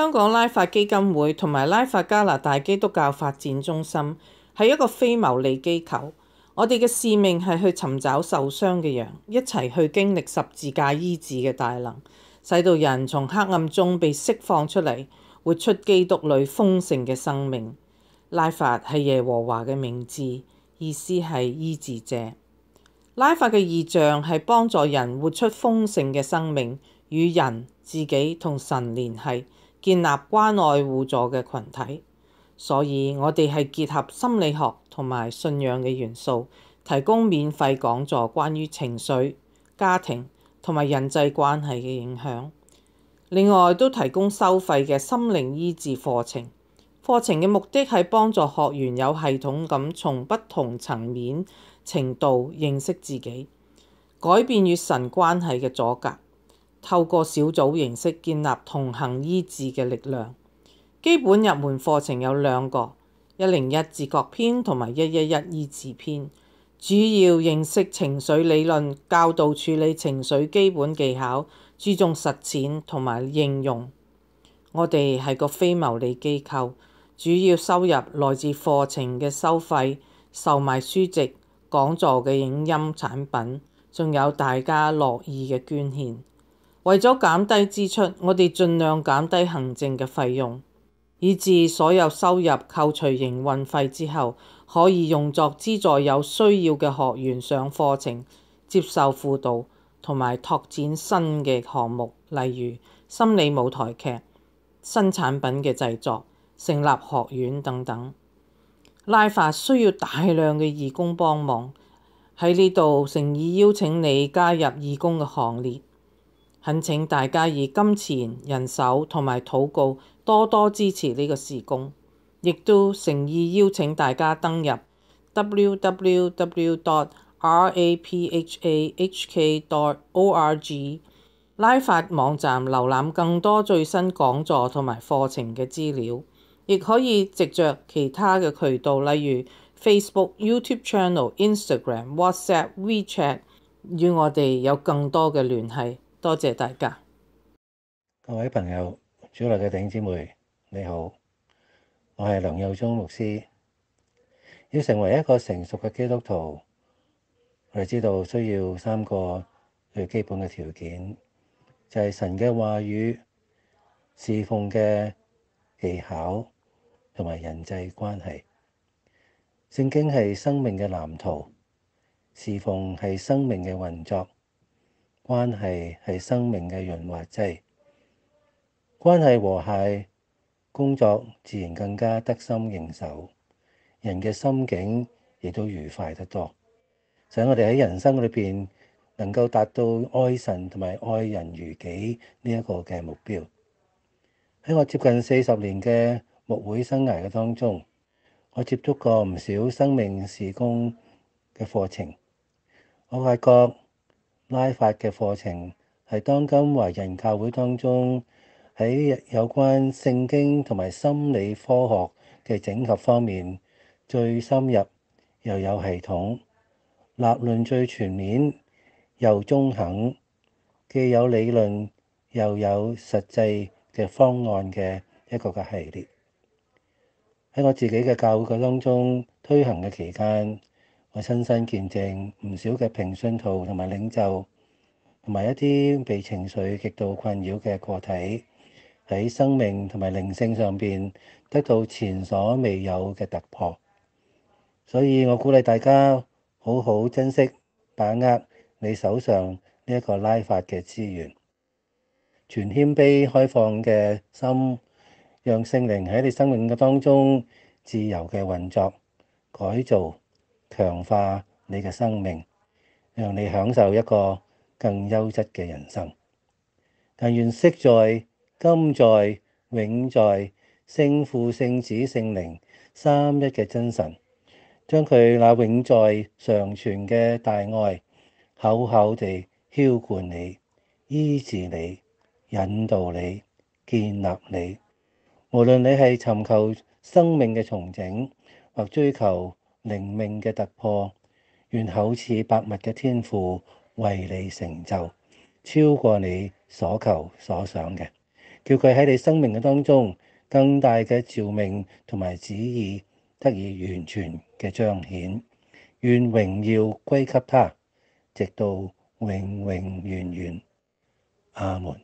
香港拉法基金會同埋拉法加拿大基督教發展中心係一個非牟利機構。我哋嘅使命係去尋找受傷嘅羊，一齊去經歷十字架醫治嘅大能，使到人從黑暗中被釋放出嚟，活出基督裡豐盛嘅生命。拉法係耶和華嘅名字，意思係醫治者。拉法嘅異象係幫助人活出豐盛嘅生命，與人、自己、同神連繫，建立關愛互助嘅群體，所以我哋係結合心理學同埋信仰嘅元素，提供免費講座關於情緒、家庭同埋人際關係嘅影響。另外，都提供收費嘅心靈醫治課程。課程嘅目的係幫助學員有系統咁從不同層面程度認識自己，改變與神關係嘅阻隔。透過小組形式建立同行醫治嘅力量。基本入門課程有兩個，一零一自覺篇同埋一一一醫治篇。主要認識情緒理論，教導處理情緒基本技巧，注重實踐同埋應用。我哋係個非牟利機構，主要收入來自課程嘅收費、售賣書籍、講座嘅影音產品，仲有大家樂意嘅捐獻。為咗減低支出，我哋盡量減低行政嘅費用，以至所有收入扣除營運費之後，可以用作資助有需要嘅學員上課程、接受輔導同埋拓展新嘅項目，例如心理舞台劇、新產品嘅製作、成立學院等等。拉法需要大量嘅義工幫忙，喺呢度誠意邀請你加入義工嘅行列。懇請大家以金錢、人手同埋禱告多多支持呢個事工，亦都誠意邀請大家登入 www.raphahk.org 拉法網站瀏覽更多最新講座同埋課程嘅資料，亦可以藉着其他嘅渠道，例如 Facebook、YouTube Channel、Instagram、WhatsApp、WeChat 與我哋有更多嘅聯繫。多謝大家，各位朋友，主內嘅弟兄姊妹，你好，我係梁佑忠律師。要成為一個成熟嘅基督徒，我哋知道需要三個最基本嘅條件，就係神嘅話語、侍奉嘅技巧同埋人際關係。聖經係生命嘅藍圖，侍奉係生命嘅運作。關係係生命嘅潤滑劑，關係和諧，工作自然更加得心應手，人嘅心境亦都愉快得多。就我哋喺人生裏邊，能夠達到愛神同埋愛人如己呢一個嘅目標。喺我接近四十年嘅牧會生涯嘅當中，我接觸過唔少生命事工嘅課程，我發覺。拉法嘅課程係當今華人教會當中，喺有關聖經同埋心理科學嘅整合方面，最深入又有系統，立論最全面又中肯，既有理論又有實際嘅方案嘅一個嘅系列。喺我自己嘅教會嘅當中推行嘅期間。我親身見證唔少嘅平信徒同埋領袖，同埋一啲被情緒極度困擾的個體，喺生命同埋靈性上得到前所未有的突破。所以我鼓勵大家，好好珍惜，把握你手上呢一個拉法的資源。全謙卑開放的心，讓聖靈喺你生命的當中自由的運作、改造、強化你嘅生命，讓你享受一個更優質嘅人生。但願昔在今在永在聖父聖子聖靈三一嘅真神，將佢那永在常存嘅大愛，厚厚地澆灌你，醫治你，引導你，建立你。無論你係尋求生命嘅重整，或追求。靈命嘅突破，願厚賜百物嘅天父為你成就，超過你所求所想嘅，叫佢喺你生命嘅當中，更大嘅召命同埋旨意得以完全嘅彰顯，願榮耀歸給他，直到永永遠遠，阿門。